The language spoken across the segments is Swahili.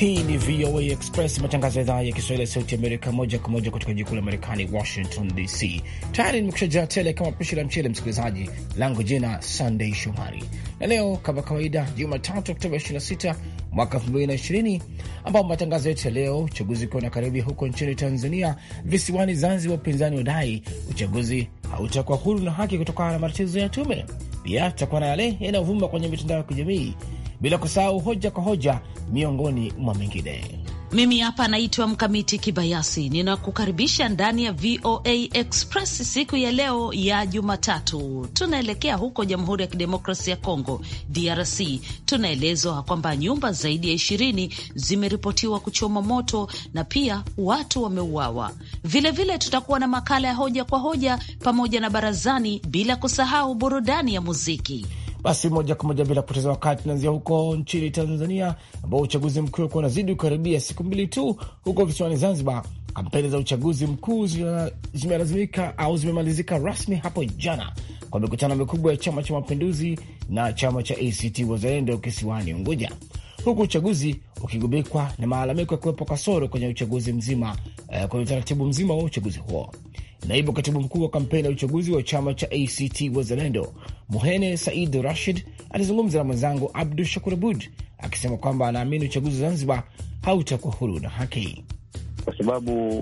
Hii ni VOA Express, matangazo ya idhaa ya Kiswahili ya Sauti Amerika, moja kwa moja kutoka jikuu la Marekani, Washington DC. Tayari nimekusha jaa tele kama pishi la mchele, msikilizaji langu jina Sandei Shomari, na leo kama kawaida, Jumatatu Oktoba 26 mwaka 2020, ambapo matangazo yetu ya leo, uchaguzi ukiwa na karibia huko nchini Tanzania, visiwani Zanzibar, upinzani wadai uchaguzi hautakuwa huru na haki kutokana na matatizo ya tume. Pia tutakuwa na yale yanayovuma kwenye mitandao ya kijamii bila kusahau hoja kwa hoja miongoni mwa mengine. Mimi hapa naitwa Mkamiti Kibayasi, ninakukaribisha ndani ya VOA Express siku ya leo ya Jumatatu. Tunaelekea huko Jamhuri ya Kidemokrasia ya Kongo, DRC. Tunaelezwa kwamba nyumba zaidi ya ishirini zimeripotiwa kuchoma moto na pia watu wameuawa. Vilevile tutakuwa na makala ya hoja kwa hoja pamoja na barazani, bila kusahau burudani ya muziki. Basi moja kwa moja bila kupoteza wakati, tunaanzia huko nchini Tanzania, ambao uchaguzi mkuu ulikuwa unazidi kukaribia siku mbili tu. Huko visiwani Zanzibar, kampeni za uchaguzi mkuu zimelazimika au zimemalizika rasmi hapo jana kwa mikutano mikubwa ya Chama cha Mapinduzi na chama cha ACT Wazalendo kisiwani Unguja, huku uchaguzi ukigubikwa na maalamiko ya kuwepo kasoro kwenye uchaguzi mzima, eh, kwenye utaratibu mzima wa uchaguzi huo. Naibu katibu mkuu wa kampeni ya uchaguzi wa chama cha ACT Wazalendo, Muhene Said Rashid, alizungumza na mwenzangu Abdu Shakur Abud akisema kwamba anaamini uchaguzi wa Zanzibar hautakuwa huru na haki kwa sababu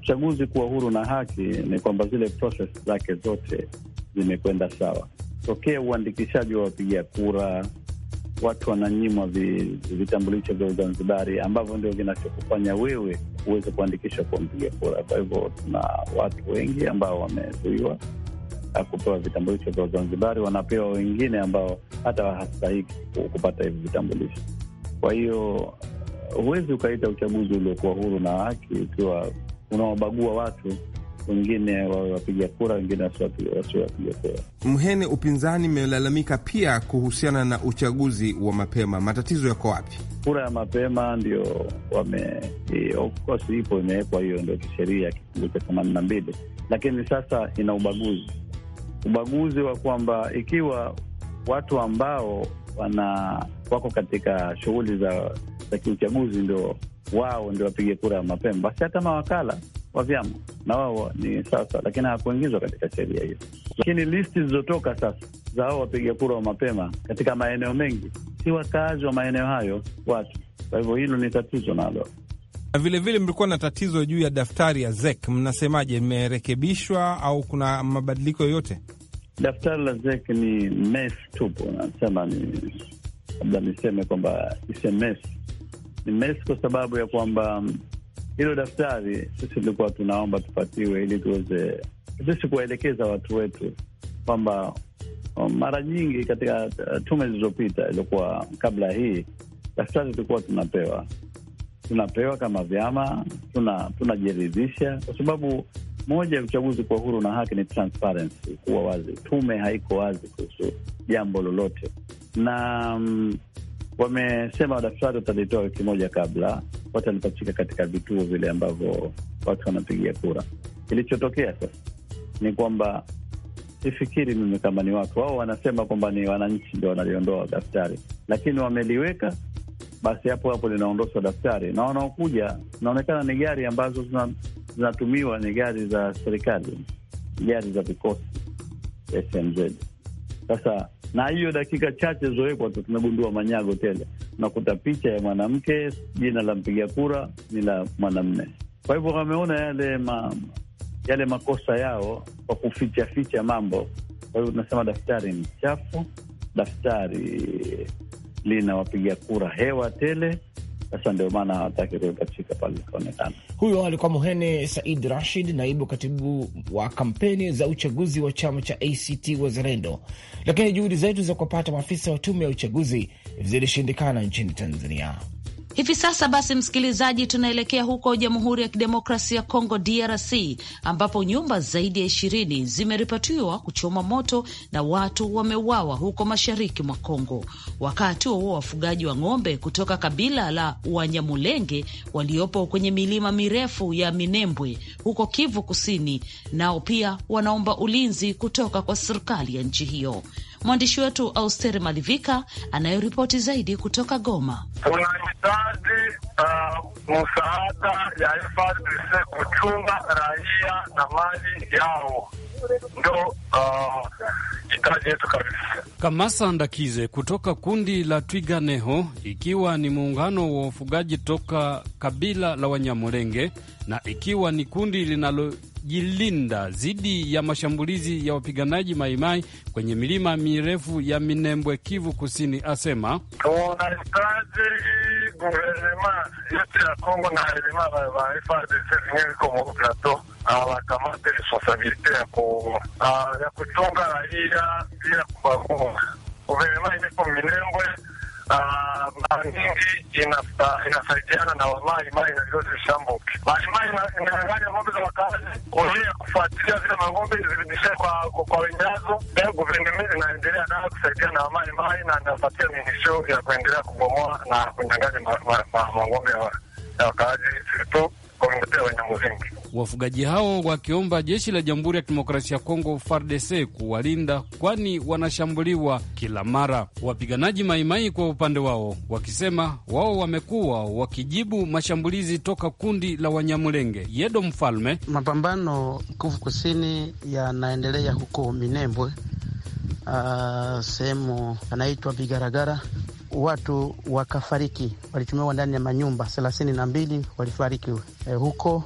uchaguzi kuwa huru na haki ni kwamba zile proses zake zote zimekwenda sawa tokea uandikishaji wa wapiga kura. Watu wananyimwa vitambulisho vya Uzanzibari ambavyo ndio vinachokufanya wewe uweze kuandikisha mpiga kura. Kwa hivyo tuna watu wengi ambao wamezuiwa kupewa vitambulisho vya Zanzibari, wanapewa wengine ambao hata hawastahiki kupata hivi vitambulisho. Kwa hiyo uh, huwezi ukaita uchaguzi uliokuwa huru na haki ukiwa unawabagua watu wengine wawe wapiga kura, wengine wasiwe wapiga kura. Mhene, upinzani imelalamika pia kuhusiana na uchaguzi wa mapema, matatizo yako wapi? Kura ya mapema ndio wame, of course ipo imewekwa hiyo, ndio kisheria kifungu cha themanini na mbili, lakini sasa ina ubaguzi, ubaguzi wa kwamba ikiwa watu ambao wana wako katika shughuli za za kiuchaguzi ndio wao ndio wapige kura ya mapema, basi hata mawakala wa vyama, na wao ni sasa, lakini hawakuingizwa katika sheria hiyo. Lakini listi zilizotoka sasa za hao wapiga kura wa mapema katika maeneo mengi si wakaazi wa maeneo hayo watu. Kwa hivyo hilo ni tatizo nalo. Vilevile mlikuwa na tatizo juu ya daftari ya ZEK, mnasemaje? Imerekebishwa au kuna mabadiliko yoyote? Daftari la ZEK ni mes tupu, nasema ni labda niseme kwamba ni mes kwa sababu ya kwamba hilo daftari sisi tulikuwa tunaomba tupatiwe, ili tuweze sisi kuwaelekeza watu wetu kwamba um, mara nyingi katika uh, tume zilizopita iliokuwa kabla hii, daftari tulikuwa tunapewa tunapewa kama vyama, tunajiridhisha tuna, kwa sababu moja ya uchaguzi kwa huru na haki ni transparency, kuwa wazi. Tume haiko wazi kuhusu jambo lolote, na um, wamesema daftari watalitoa wiki moja kabla, watalipachika katika vituo vile ambavyo watu wanapigia kura. Kilichotokea sasa ni kwamba sifikiri mimi kama ni watu wao, wanasema kwamba ni wananchi ndio wanaliondoa daftari, lakini wameliweka basi hapo hapo linaondoshwa daftari, na wanaokuja inaonekana ni gari ambazo zinatumiwa ni gari za serikali, gari za vikosi SMZ. Sasa na hiyo dakika chache zilizowekwa tu tumegundua manyago tele. Unakuta picha ya mwanamke, jina la mpiga kura ni la mwanamme. Kwa hivyo wameona yale ma, yale makosa yao kwa kuficha ficha mambo. Kwa hivyo tunasema daftari ni chafu, daftari lina wapiga kura hewa tele. Sasa ndio maana hawataki kuepachika pale kaonekana huyo alikuwa muhene Said Rashid, naibu katibu wa kampeni za uchaguzi wa chama cha ACT Wazalendo. Lakini juhudi zetu za kuwapata maafisa wa tume ya uchaguzi zilishindikana nchini Tanzania. Hivi sasa basi, msikilizaji, tunaelekea huko Jamhuri ya Kidemokrasia ya Kongo, DRC, ambapo nyumba zaidi ya ishirini zimeripotiwa kuchoma moto na watu wameuawa huko mashariki mwa Kongo. Wakati huo wafugaji wa ng'ombe kutoka kabila la Wanyamulenge waliopo kwenye milima mirefu ya Minembwe huko Kivu Kusini, nao pia wanaomba ulinzi kutoka kwa serikali ya nchi hiyo. Mwandishi wetu Austeri Malivika anayeripoti zaidi kutoka Goma. kuna hitaji uh, msaada ya FARDC kuchunga raia na mali yao ndo uh, hitaji yetu kabisa. Kamasa Ndakize kutoka kundi la Twiga Neho, ikiwa ni muungano wa wafugaji toka kabila la Wanyamulenge na ikiwa ni kundi linalojilinda dhidi ya mashambulizi ya wapiganaji Maimai kwenye milima mirefu ya Minembwe, Kivu Kusini, asema tunahitaji guvernema yote ya Kongo na elima zenyewe iko hawakamate responsabilite ah, ya kuchunga raia bila kubagua. Guvernema ineko Minembwe ah, mara nyingi inasaidiana na wamaimai na vilozi vishambuki maimai inaanganya ng'ombe za wakazi kulia kufuatilia zile mang'ombe zirudishe kwa wenyazo. Leo inaendelea nayo kusaidiana na wamaimai na inapatia minisho ya kuendelea kubomoa na kunyang'anya mang'ombe ya wakaaji situ komunite Wenyamuzingi wafugaji hao wakiomba jeshi la Jamhuri ya Kidemokrasia ya Kongo FARDC kuwalinda, kwani wanashambuliwa kila mara. Wapiganaji Maimai kwa upande wao wakisema wao wamekuwa wakijibu mashambulizi toka kundi la Wanyamulenge. Yedo Mfalme, mapambano Kivu Kusini yanaendelea huko Minembwe, uh, sehemu anaitwa Bigaragara watu wakafariki, walitumiwa ndani ya manyumba thelathini na mbili walifariki eh, huko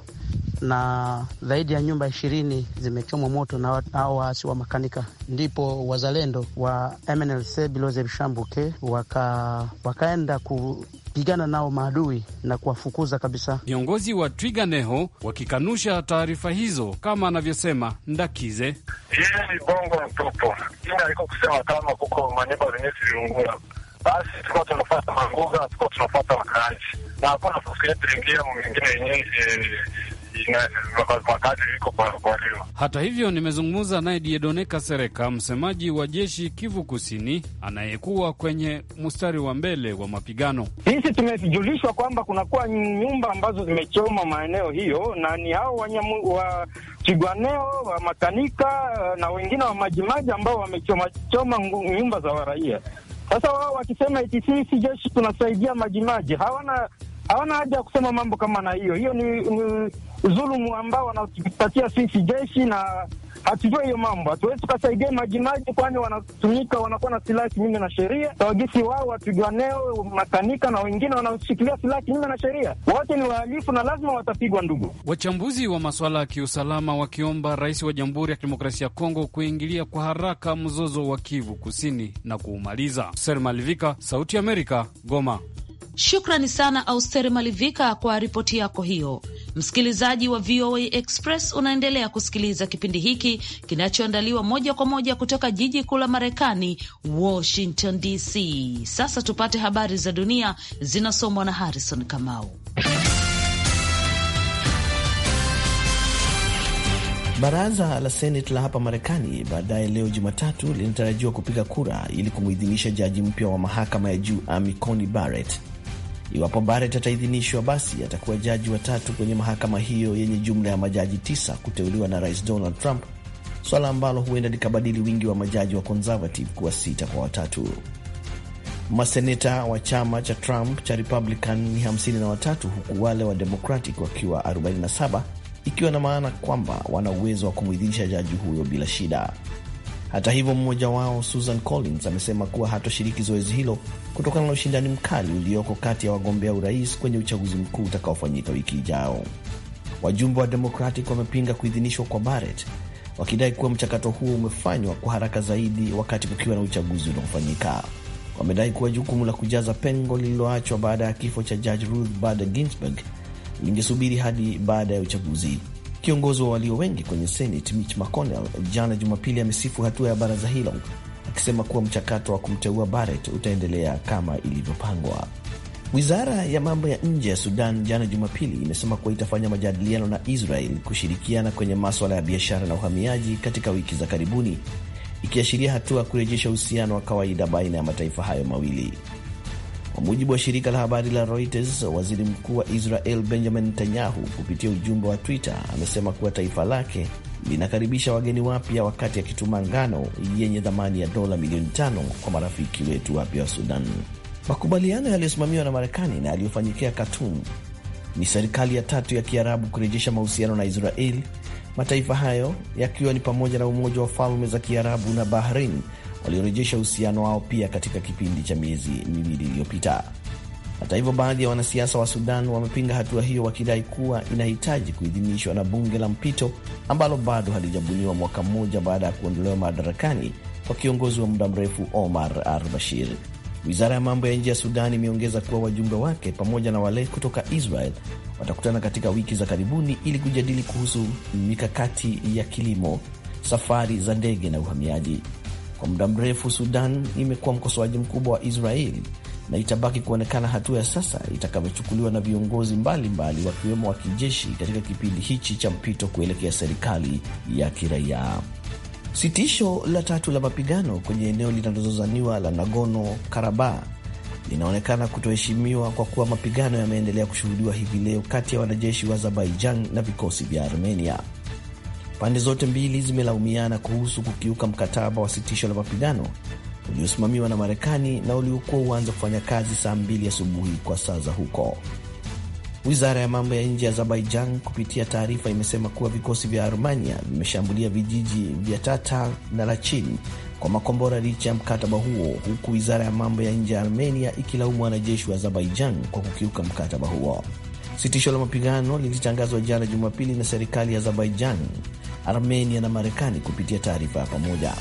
na zaidi ya nyumba ishirini zimechomwa moto na hao waasi wa makanika. Ndipo wazalendo wa MNLC Biloze Bishambuke waka, wakaenda kupigana nao maadui na kuwafukuza kabisa. Viongozi wa Twiga Neho wakikanusha taarifa hizo, kama anavyosema Ndakize. Hii ni bongo mtupu, ina aliko kusema kama kuko manyumba zenye ziliungua basi tulikuwa tunafata manguga, tulikuwa tunafata wakaaji na hakuna fursa yetu ingia mwingine yenyewe eh, hata hivyo, nimezungumza naye Diedone Kasereka, msemaji wa jeshi Kivu Kusini, anayekuwa kwenye mstari wa mbele wa mapigano. Sisi tumejulishwa kwamba kunakuwa nyumba ambazo zimechoma maeneo hiyo, na ni hao wanyamu wa Kigwaneo wa Matanika eh, na wengine wa majimaji ambao wamechomachoma nyumba za waraia. Sasa wao wakisema eti sisi jeshi tunasaidia majimaji, hawana hawana haja ya kusema mambo kama na hiyo. Hiyo ni, ni dhulumu ambao wanatupatia sisi jeshi, na hatujue hiyo mambo. Hatuwezi tukasaidia majimaji, kwani wanatumika, wanakuwa na silaha kinyume na sheria tawagisi wao, wapiganeo makanika na wengine wanaoshikilia silaha kinyume na sheria, wote ni wahalifu na lazima watapigwa. Ndugu wachambuzi wa masuala ya kiusalama wakiomba rais wa Jamhuri ya Kidemokrasia ya Kongo kuingilia kwa haraka mzozo wa Kivu Kusini na kuumaliza. Selma Sauti ya Amerika, Goma. Shukrani sana Austeri Malivika kwa ripoti yako hiyo. Msikilizaji wa VOA Express, unaendelea kusikiliza kipindi hiki kinachoandaliwa moja kwa moja kutoka jiji kuu la Marekani, Washington DC. Sasa tupate habari za dunia zinasomwa na Harrison Kamau. Baraza la Seneti la hapa Marekani baadaye leo Jumatatu linatarajiwa kupiga kura ili kumwidhinisha jaji mpya wa mahakama ya juu Amy Coney Barrett Iwapo Barrett ataidhinishwa, basi atakuwa jaji watatu kwenye mahakama hiyo yenye jumla ya majaji tisa kuteuliwa na Rais Donald Trump, swala ambalo huenda likabadili wingi wa majaji wa conservative kuwa sita kwa watatu. Maseneta wa chama cha Trump cha Republican ni 53 huku wale wa Democratic wakiwa 47, ikiwa na maana kwamba wana uwezo wa kumwidhinisha jaji huyo bila shida. Hata hivyo, mmoja wao Susan Collins amesema kuwa hatoshiriki zoezi hilo kutokana na ushindani mkali ulioko kati ya wagombea urais kwenye uchaguzi mkuu utakaofanyika wiki ijao. Wajumbe wa Democratic wamepinga kuidhinishwa kwa Barrett wakidai kuwa mchakato huo umefanywa kwa haraka zaidi wakati kukiwa na uchaguzi unaofanyika. Wamedai kuwa jukumu la kujaza pengo lililoachwa baada ya kifo cha Judge Ruth Bader Ginsburg lingesubiri hadi baada ya uchaguzi Kiongozi wa walio wengi kwenye Senate Mitch McConnell jana Jumapili amesifu hatua ya baraza hilo akisema kuwa mchakato wa kumteua Barrett utaendelea kama ilivyopangwa. Wizara ya mambo ya nje ya Sudan jana Jumapili imesema kuwa itafanya majadiliano na Israel kushirikiana kwenye maswala ya biashara na uhamiaji katika wiki za karibuni, ikiashiria hatua ya kurejesha uhusiano wa kawaida baina ya mataifa hayo mawili. Kwa mujibu wa shirika la habari la Reuters, waziri mkuu wa Israel Benjamin Netanyahu kupitia ujumbe wa Twitter amesema kuwa taifa lake linakaribisha wageni wapya wakati akituma ngano yenye thamani ya dola milioni tano kwa marafiki wetu wapya wa Sudan. Makubaliano yaliyosimamiwa na Marekani na yaliyofanyikia Khartoum ni serikali ya tatu ya Kiarabu kurejesha mahusiano na Israel, mataifa hayo yakiwa ni pamoja na Umoja wa Falme za Kiarabu na Bahrain waliorejesha uhusiano wao pia katika kipindi cha miezi miwili iliyopita. Hata hivyo, baadhi ya wanasiasa wa Sudan wamepinga hatua hiyo, wakidai kuwa inahitaji kuidhinishwa na bunge la mpito ambalo bado halijabuniwa mwaka mmoja baada ya kuondolewa madarakani kwa kiongozi wa muda mrefu Omar al-Bashir. Wizara ya mambo ya nje ya Sudan imeongeza kuwa wajumbe wake pamoja na wale kutoka Israel watakutana katika wiki za karibuni ili kujadili kuhusu mikakati ya kilimo, safari za ndege na uhamiaji. Kwa muda mrefu, Sudan imekuwa mkosoaji mkubwa wa Israeli na itabaki kuonekana hatua ya sasa itakavyochukuliwa na viongozi mbalimbali wakiwemo wa kijeshi katika kipindi hichi cha mpito kuelekea serikali ya kiraia. Sitisho la tatu la mapigano kwenye eneo linalozozaniwa la nagono Karabakh linaonekana kutoheshimiwa kwa kuwa mapigano yameendelea kushuhudiwa hivi leo kati ya wanajeshi wa Azerbaijan na vikosi vya Armenia. Pande zote mbili zimelaumiana kuhusu kukiuka mkataba wa sitisho la mapigano uliosimamiwa na Marekani na uliokuwa uanza kufanya kazi saa mbili asubuhi kwa saa za huko. Wizara ya mambo ya nje ya Azerbaijan kupitia taarifa imesema kuwa vikosi vya Armenia vimeshambulia vijiji vya tata na Lachin kwa makombora licha ya mkataba huo, huku wizara ya mambo ya nje ya Armenia ikilaumu wanajeshi wa Azerbaijan kwa kukiuka mkataba huo. Sitisho la mapigano lilitangazwa jana Jumapili na serikali ya Azerbaijan Armenia na Marekani kupitia taarifa ya pamoja.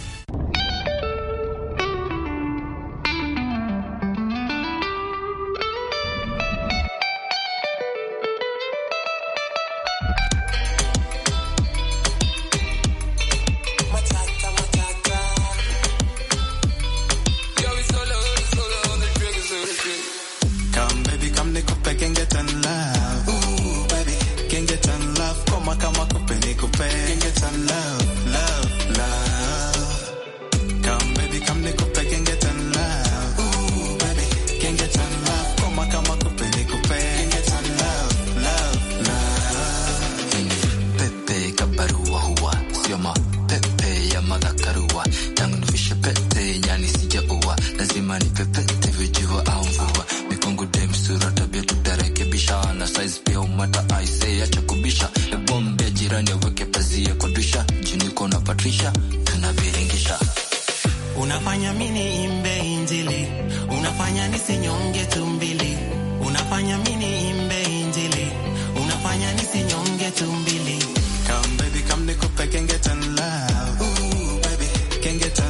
can get tired.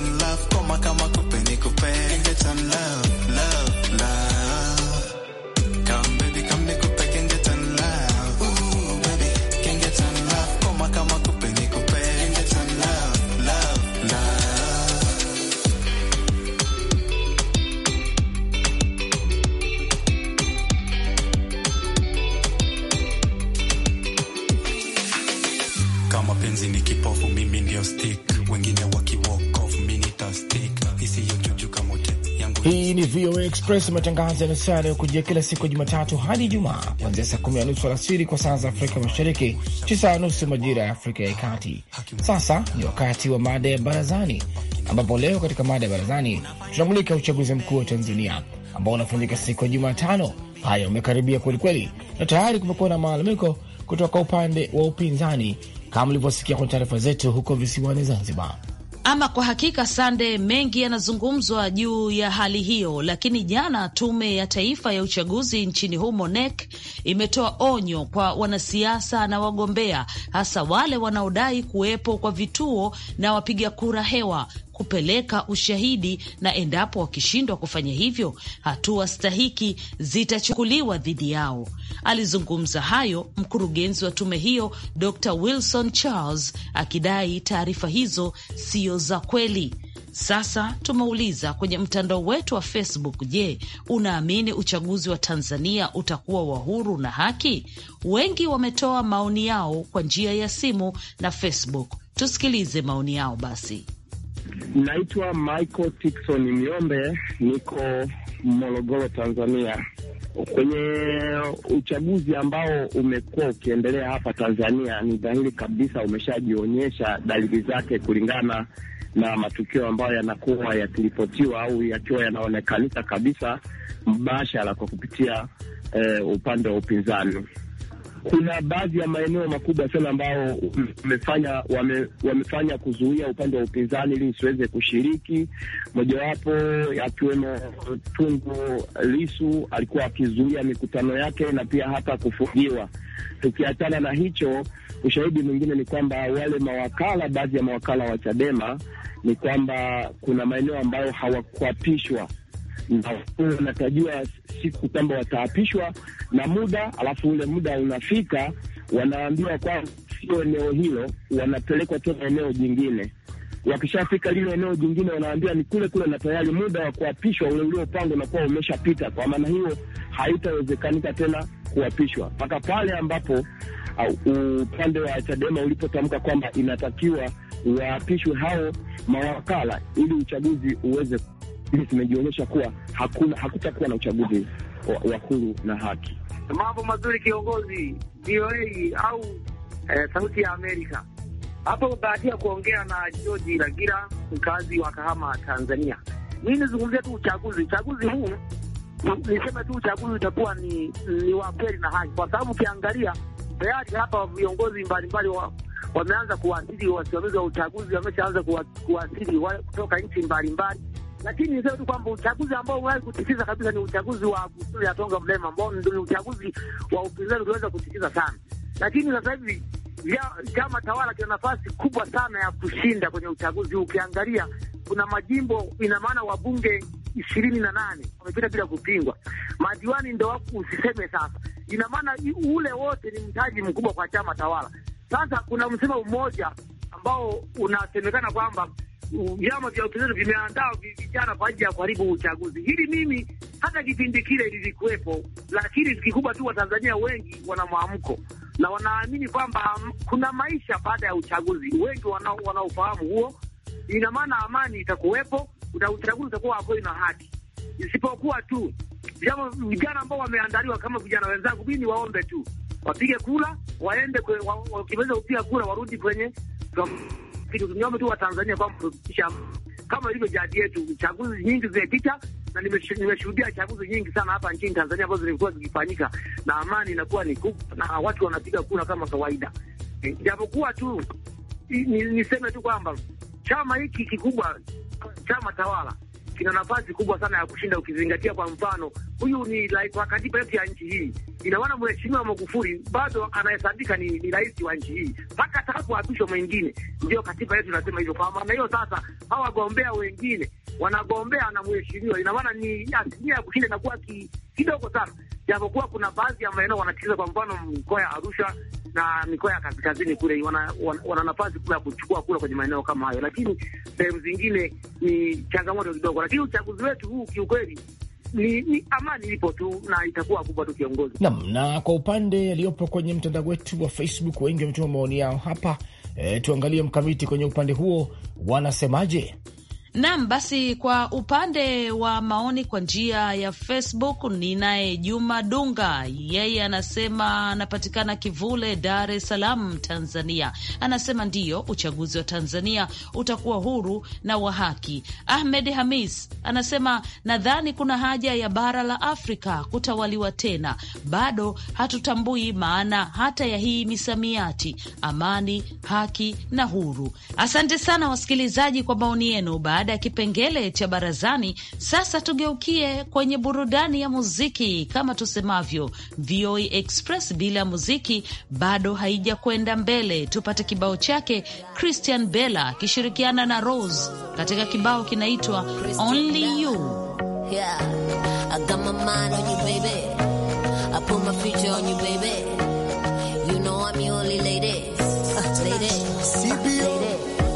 Express, matangazo ya nusu yanayokujia kila siku ya Jumatatu hadi Ijumaa, kuanzia saa kumi na nusu alasiri kwa saa za Afrika Mashariki, tisa na nusu majira ya Afrika ya Kati. Sasa ni wakati wa mada ya Barazani, ambapo leo katika mada ya Barazani tunamulika uchaguzi mkuu wa Tanzania ambao unafanyika siku ya Jumatano. Haya, umekaribia kwelikweli, na tayari kumekuwa na malalamiko kutoka upande wa upinzani, kama mlivyosikia kwenye taarifa zetu huko visiwani Zanzibar. Ama kwa hakika Sande, mengi yanazungumzwa juu ya hali hiyo, lakini jana Tume ya Taifa ya Uchaguzi nchini humo NEC imetoa onyo kwa wanasiasa na wagombea, hasa wale wanaodai kuwepo kwa vituo na wapiga kura hewa kupeleka ushahidi, na endapo wakishindwa kufanya hivyo, hatua stahiki zitachukuliwa dhidi yao. Alizungumza hayo mkurugenzi wa tume hiyo Dr. Wilson Charles akidai taarifa hizo siyo za kweli. Sasa tumeuliza kwenye mtandao wetu wa Facebook, je, unaamini uchaguzi wa Tanzania utakuwa wa huru na haki? Wengi wametoa maoni yao kwa njia ya simu na Facebook. Tusikilize maoni yao basi. Naitwa Michael Tikson Miombe, niko Morogoro, Tanzania. Kwenye uchaguzi ambao umekuwa ukiendelea hapa Tanzania, ni dhahiri kabisa umeshajionyesha dalili zake kulingana na matukio ambayo yanakuwa yakiripotiwa au yakiwa yanaonekanika kabisa mbashara kwa kupitia eh, upande wa upinzani kuna baadhi ya maeneo makubwa sana ambao wamefanya wame, wamefanya kuzuia upande wa upinzani ili usiweze kushiriki. Mojawapo akiwemo Tundu Lisu alikuwa akizuia mikutano yake na pia hata kufungiwa. Tukiachana na hicho, ushahidi mwingine ni kwamba wale mawakala, baadhi ya mawakala wa Chadema ni kwamba kuna maeneo ambayo hawakuapishwa Mm-hmm. natajua siku kwamba wataapishwa na muda, alafu ule muda unafika, wanaambiwa kwamba sio eneo hilo, wanapelekwa tena eneo jingine. Wakishafika lile eneo jingine, wanaambia ni kule kule, na tayari muda wa kuapishwa ule uliopangwa unakuwa umeshapita. Kwa maana hiyo, haitawezekanika tena kuapishwa mpaka pale ambapo upande wa Chadema ulipotamka kwamba inatakiwa waapishwe hao mawakala ili uchaguzi uweze hizi zimejionyesha kuwa hakuna hakutakuwa na uchaguzi wa huru na haki. Mambo mazuri kiongozi VOA au eh, Sauti ya Amerika. Hapo bahatia kuongea na George Lagira, mkazi wa Kahama, Tanzania. mi nizungumzia tu uchaguzi, uchaguzi huu niseme tu uchaguzi utakuwa ni, ni wa kweli na haki, kwa sababu ukiangalia tayari hapa viongozi mbalimbali wameanza wa kuwasili, wasimamizi wa uchaguzi wameshaanza kuwasili kutoka nchi mbalimbali lakini niseme tu kwamba uchaguzi ambao unaweza kutikiza kabisa ni uchaguzi wa Busuli Atonga Mlema, ambao ni uchaguzi wa upinzani uliweza kutikiza sana, lakini sasa hivi chama tawala kina nafasi kubwa sana ya kushinda kwenye uchaguzi. Ukiangalia kuna majimbo, ina maana wabunge ishirini na nane wamepita bila kupingwa, madiwani ndo wako usiseme. Sasa ina maana ule wote ni mtaji mkubwa kwa chama tawala. Sasa kuna msema mmoja ambao unasemekana kwamba vyama vya upinzani vimeandaa vijana kwa ajili ya kuharibu uchaguzi. Hili mimi hata kipindi kile lilikuwepo, lakini kikubwa tu Watanzania wengi wana mwamko na wanaamini kwamba kuna maisha baada ya uchaguzi. Wengi wanaofahamu huo, ina maana amani itakuwepo, uchaguzi utakuwa wakweli na haki, isipokuwa tu vyama vijana ambao wameandaliwa kama vijana wenzangu, Mii ni waombe tu wapige kura, waende wakimaliza kupiga kura warudi kwenye Gam kitu niombe tu Watanzania kwamba kama ilivyo jadi yetu, chaguzi nyingi zimepita na nimeshuhudia chaguzi nyingi sana hapa nchini Tanzania ambazo zilikuwa zikifanyika na amani inakuwa ni kubwa na watu wanapiga kura kama kawaida, eh, japokuwa tu niseme tu kwamba chama hiki kikubwa, chama tawala kina nafasi kubwa sana ya kushinda, ukizingatia kwa mfano huyu ni like, wa katiba yetu ya nchi hii inawana mheshimiwa Magufuli bado anahesabika ni, ni rais wa nchi hii mpaka apisho mwingine. Ndio katiba yetu inasema hivyo. Kwa maana hiyo sasa, hawa wagombea wengine wanagombea na mheshimiwa, inamaana ni asilimia ya kushinda inakuwa ki, kidogo sana, japokuwa kuna baadhi ya maeneo wanacheza, kwa mfano mkoa ya Arusha na mikoa ya kaskazini kule wana, wana, wana nafasi kubwa ya kuchukua kura kwenye maeneo kama hayo, lakini sehemu zingine ni changamoto kidogo. Lakini uchaguzi wetu huu kiukweli ni, ni amani ipo tu na itakuwa kubwa tu kiongozi nam. Na kwa upande yaliyopo kwenye mtandao wetu wa Facebook, wengi wametuma maoni yao hapa. E, tuangalie mkamiti kwenye upande huo wanasemaje? Naam, basi kwa upande wa maoni kwa njia ya Facebook ninaye Juma Dunga, yeye anasema anapatikana Kivule, Dar es Salaam, Tanzania. Anasema ndiyo, uchaguzi wa Tanzania utakuwa huru na wa haki. Ahmed Hamis anasema nadhani kuna haja ya bara la Afrika kutawaliwa tena, bado hatutambui maana hata ya hii misamiati: amani, haki na huru. Asante sana wasikilizaji kwa maoni yenu baada ya kipengele cha barazani, sasa tugeukie kwenye burudani ya muziki. Kama tusemavyo, VOA Express bila muziki bado haija kwenda mbele. Tupate kibao chake Christian Bella akishirikiana na Rose katika kibao kinaitwa Only You. Yeah, I got my mind on you, baby. I put my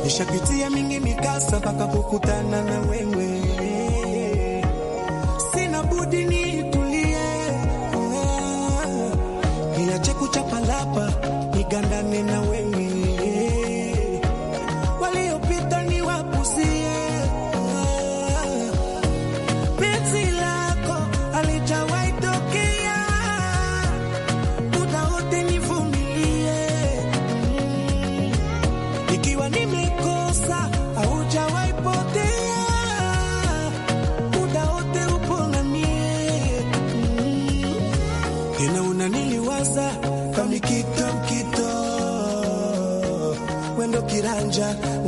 Nishapitia mingi mikasa mpaka kukutana na wewe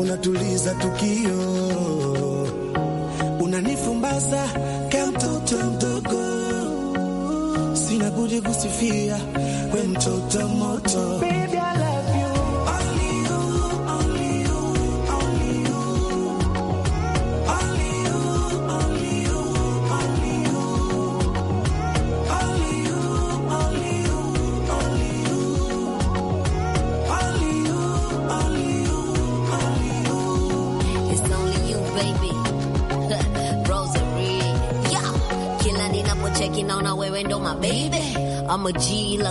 unatuliza tukio, unanifumbaza ka mtoto mdogo, sina budi kusifia we mtoto moto Baby.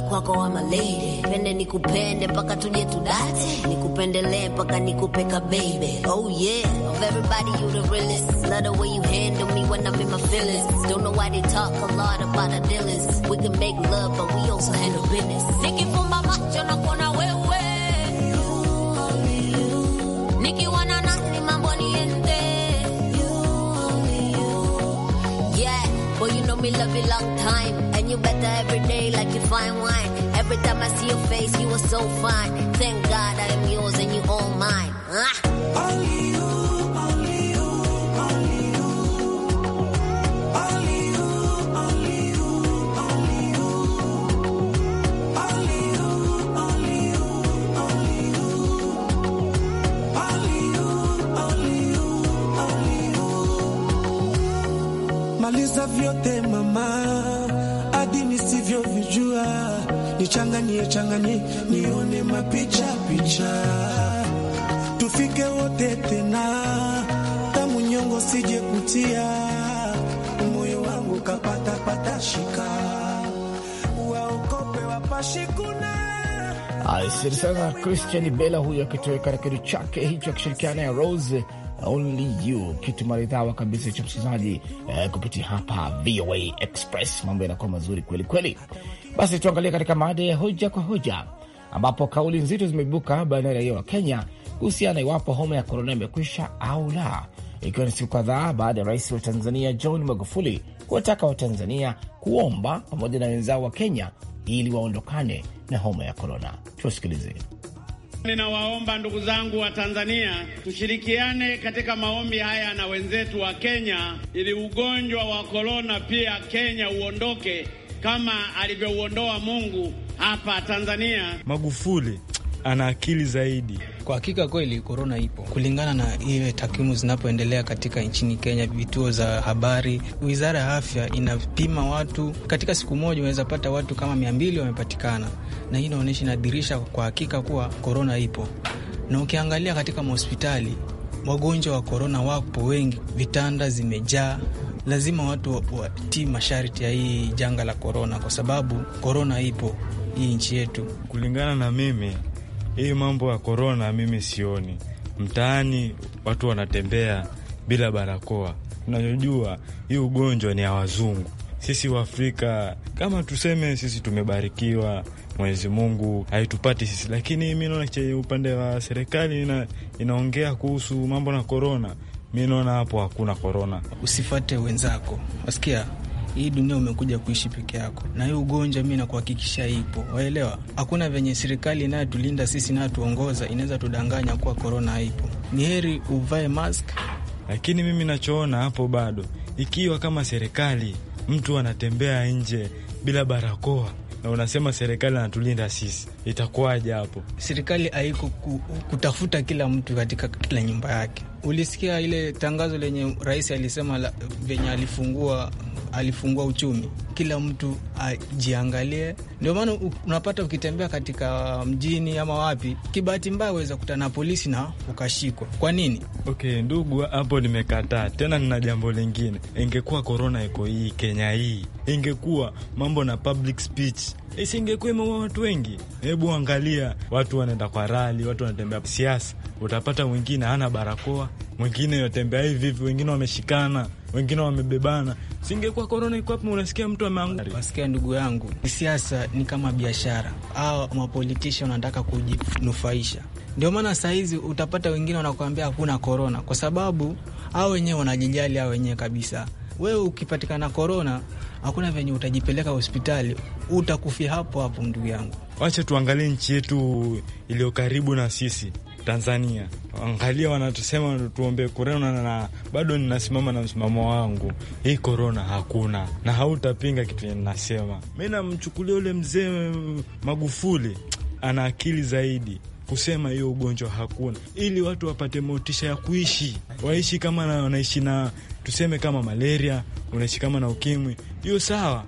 i kwako a lady, pende nikupende mpaka tuje tudate, nikupendelee mpaka nikupeka baby. Oh yeah, of everybody you the realest, love the way you handle me when I'm in my feelings. Don't know why they talk a lot about the dealings. We can make love but we also handle business. Nikifumba macho na kuona wewe nikiwana nani mambo niende yeah, boy, you know me love you long time you better every day like you fine wine. Every time I see your face, you are so fine. Thank God I am yours and you all mine. Ah. Only you, only you, only you. Only you, only you, only you. Only you, only you, only you. mama changanye changanye, nione mapicha picha, tufike wote tena, tamu nyongo sije kutia, moyo wangu kapata pata shika, waokope wapashikuna Asante sana Christian Bella huyo akitoweka na kitu chake hicho akishirikiana ya Rose Only You, kitu maridhawa kabisa cha msikilizaji eh, kupitia hapa VOA Express. Mambo yanakuwa mazuri kweli kweli. Basi tuangalie katika maada ya hoja kwa hoja, ambapo kauli nzito zimeibuka baina ya raia wa Kenya kuhusiana iwapo homa ya korona imekwisha au la, ikiwa ni siku kadhaa baada ya rais wa Tanzania John Magufuli kuwataka Watanzania kuomba pamoja na wenzao wa Kenya ili waondokane na homa ya korona. Tuwasikilize. Ninawaomba ndugu zangu wa Tanzania tushirikiane katika maombi haya na wenzetu wa Kenya ili ugonjwa wa korona pia Kenya uondoke kama alivyouondoa Mungu hapa Tanzania. Magufuli ana akili zaidi. Kwa hakika kweli korona ipo, kulingana na ile takwimu zinapoendelea katika nchini Kenya, vituo za habari, wizara ya afya inapima watu katika siku moja, unaweza pata watu kama mia mbili wamepatikana, na hii inaonyesha, inadhirisha kwa hakika kuwa korona ipo. Na ukiangalia katika mahospitali, wagonjwa wa korona wapo wengi, vitanda zimejaa. Lazima watu watii masharti ya hii janga la korona, kwa sababu korona ipo hii nchi yetu. Kulingana na mimi hii mambo ya korona mimi sioni. Mtaani watu wanatembea bila barakoa, Unayojua, hii ugonjwa ni ya wazungu. Sisi Waafrika kama tuseme sisi tumebarikiwa, Mwenyezi Mungu haitupati sisi, lakini mi naona chenye upande wa serikali ina, inaongea kuhusu mambo na korona, mi naona hapo hakuna korona. Usifate wenzako, wasikia hii dunia umekuja kuishi peke yako, na hii ugonjwa mi nakuhakikisha ipo, waelewa? Hakuna venye serikali inayotulinda sisi inayotuongoza inaweza tudanganya kuwa korona haipo. Ni heri uvae mask. Lakini mimi nachoona hapo bado, ikiwa kama serikali mtu anatembea nje bila barakoa na unasema serikali anatulinda sisi, itakuwaje hapo? Serikali haiko kutafuta kila mtu katika kila nyumba yake. Ulisikia ile tangazo lenye rais alisema la, venye alifungua alifungua uchumi. Kila mtu ajiangalie. Ndio maana unapata ukitembea katika mjini ama wapi, kibahati mbaya waweza kutana na polisi na ukashikwa. Kwa nini? Okay, ndugu, hapo nimekataa tena. Nina jambo lingine, ingekuwa korona iko hii Kenya hii, ingekuwa mambo na public speech isingekuwa imeua watu wengi. Hebu angalia, watu wanaenda kwa rali, watu wanatembea siasa, utapata mwingine hana barakoa, mwingine yotembea hivi hivi, wengine wameshikana wengine wamebebana. Singekuwa korona iko hapo, unasikia mtu ameanguka. Nasikia ndugu yangu, siasa ni kama biashara, au mapolitisha wanataka kujinufaisha. Ndio maana sahizi utapata wengine wanakuambia hakuna korona, kwa sababu au wenyewe wanajijali au wenyewe kabisa. Wewe ukipatikana korona, hakuna venye utajipeleka hospitali, utakufia hapo hapo, ndugu yangu. Wacha tuangalie nchi yetu iliyo karibu na sisi Tanzania, angalia wanatusema tuombe korona, na bado ninasimama na msimamo wangu. Hii korona hakuna na hautapinga kitu ninasema. Mi namchukulia ule mzee Magufuli ana akili zaidi kusema hiyo ugonjwa hakuna, ili watu wapate motisha ya kuishi, waishi kama wanaishi na tuseme, kama malaria unaishi kama na ukimwi, hiyo sawa,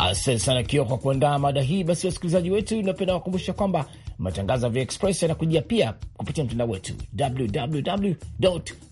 Asante sana Kio kwa kuandaa mada hii. Basi wasikilizaji wetu, napenda kukumbusha kwamba matangazo ya VOA Express yanakujia pia kupitia mtandao wetu www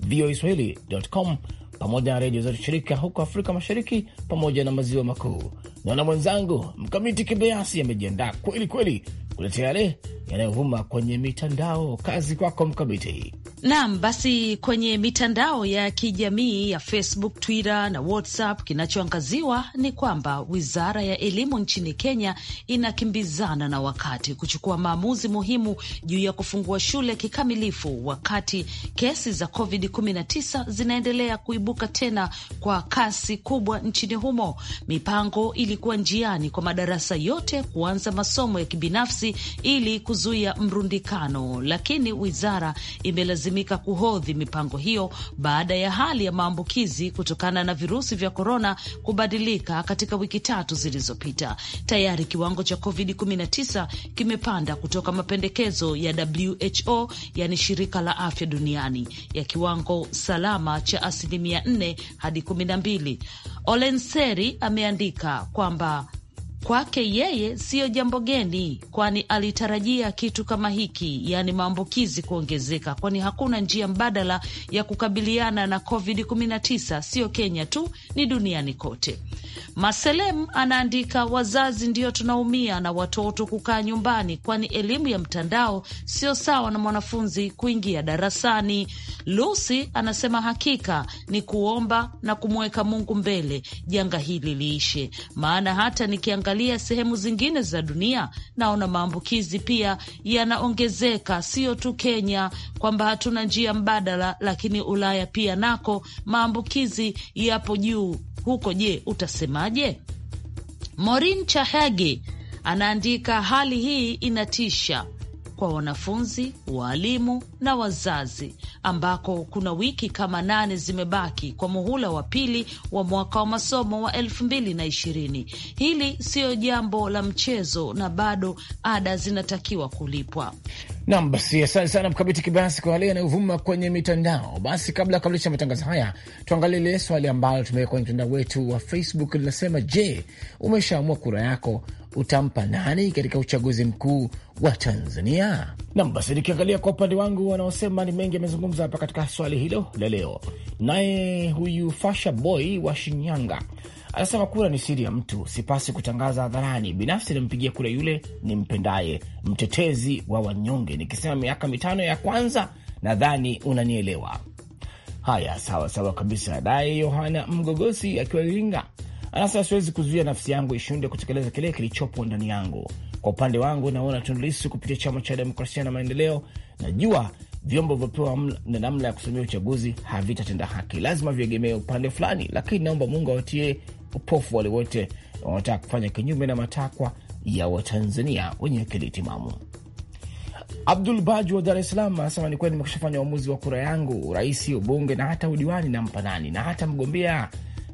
voa swahili.com pamoja na redio zetu shirika huko Afrika Mashariki pamoja na maziwa makuu. Naona mwenzangu Mkamiti Kibayasi amejiandaa kweli kweli kuletea yale yanayovuma kwenye mitandao. Kazi kwako Mkamiti. Naam, basi kwenye mitandao ya kijamii ya Facebook, Twitter na WhatsApp, kinachoangaziwa ni kwamba wizara ya elimu nchini Kenya inakimbizana na wakati kuchukua maamuzi muhimu juu ya kufungua shule kikamilifu, wakati kesi za COVID-19 zinaendelea kuibuka tena kwa kasi kubwa nchini humo. Mipango ilikuwa njiani kwa madarasa yote kuanza masomo ya kibinafsi uchaguzi ili kuzuia mrundikano, lakini wizara imelazimika kuhodhi mipango hiyo baada ya hali ya maambukizi kutokana na virusi vya korona kubadilika katika wiki tatu zilizopita. Tayari kiwango cha COVID-19 kimepanda kutoka mapendekezo ya WHO, yani shirika la afya duniani, ya kiwango salama cha asilimia 4 hadi 12. Olenseri ameandika kwamba Kwake yeye siyo jambo geni, kwani alitarajia kitu kama hiki, yaani maambukizi kuongezeka, kwani hakuna njia mbadala ya kukabiliana na COVID-19, siyo Kenya tu, ni duniani kote. Maselem anaandika, wazazi ndiyo tunaumia na watoto kukaa nyumbani, kwani elimu ya mtandao sio sawa na mwanafunzi kuingia darasani. Lucy anasema hakika ni kuomba na kumweka Mungu mbele, janga hili liishe, maana hata nikiangalia ukiangalia sehemu zingine za dunia, naona maambukizi pia yanaongezeka, sio tu Kenya kwamba hatuna njia mbadala, lakini Ulaya pia nako maambukizi yapo juu huko. Je, utasemaje? Morin Chahage anaandika, hali hii inatisha kwa wanafunzi, waalimu na wazazi ambako kuna wiki kama nane zimebaki kwa muhula wa pili wa mwaka wa masomo wa elfu mbili na ishirini. Hili siyo jambo la mchezo na bado ada zinatakiwa kulipwa. Nam, basi asante sana Mkamiti Kibayasi kwa yale yanayovuma kwenye mitandao. Basi kabla ya kukamilisha matangazo haya, tuangalie lile swali ambalo tumeweka kwenye mtandao wetu wa Facebook. Linasema, je, umeshaamua kura yako utampa nani katika uchaguzi mkuu wa Tanzania? Nam, basi nikiangalia kwa upande wangu watu wanaosema ni mengi yamezungumza hapa katika swali hilo la leo. Naye huyu Fasha Boy wa Shinyanga anasema kura ni siri ya mtu, sipasi kutangaza hadharani. Binafsi nimpigia kura yule nimpendaye, mtetezi wa wanyonge. Nikisema miaka mitano ya kwanza, nadhani unanielewa. Haya, sawa sawa kabisa. Naye Yohana Mgogosi akiwa Iringa anasema siwezi kuzuia nafsi yangu ishunde kutekeleza kile kilichopo ndani yangu. Kwa upande wangu, naona Tundu Lissu kupitia chama cha demokrasia na maendeleo najua vyombo vyopewa na namna ya kusimamia uchaguzi havitatenda haki, lazima viegemee upande fulani, lakini naomba Mungu awatie upofu wale wote wanaotaka kufanya kinyume na matakwa ya Watanzania wenye akili timamu. Abdul Baju wa Dar es Salaam anasema ni kweli, nimekushafanya uamuzi wa kura yangu, urais, ubunge na hata udiwani nampa nani, na hata mgombea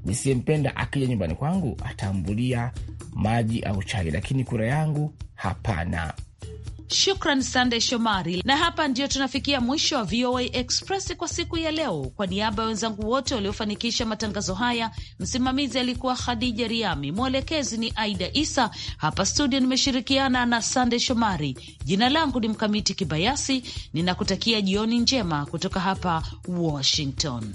nisiyempenda akija nyumbani kwangu atambulia maji au chai, lakini kura yangu hapana. Shukran Sandey Shomari, na hapa ndio tunafikia mwisho wa VOA Express kwa siku ya leo. Kwa niaba ya wenzangu wote waliofanikisha matangazo haya, msimamizi alikuwa Khadija Riami, mwelekezi ni Aida Isa. Hapa studio nimeshirikiana na sande Shomari. Jina langu ni Mkamiti Kibayasi, ninakutakia jioni njema kutoka hapa Washington.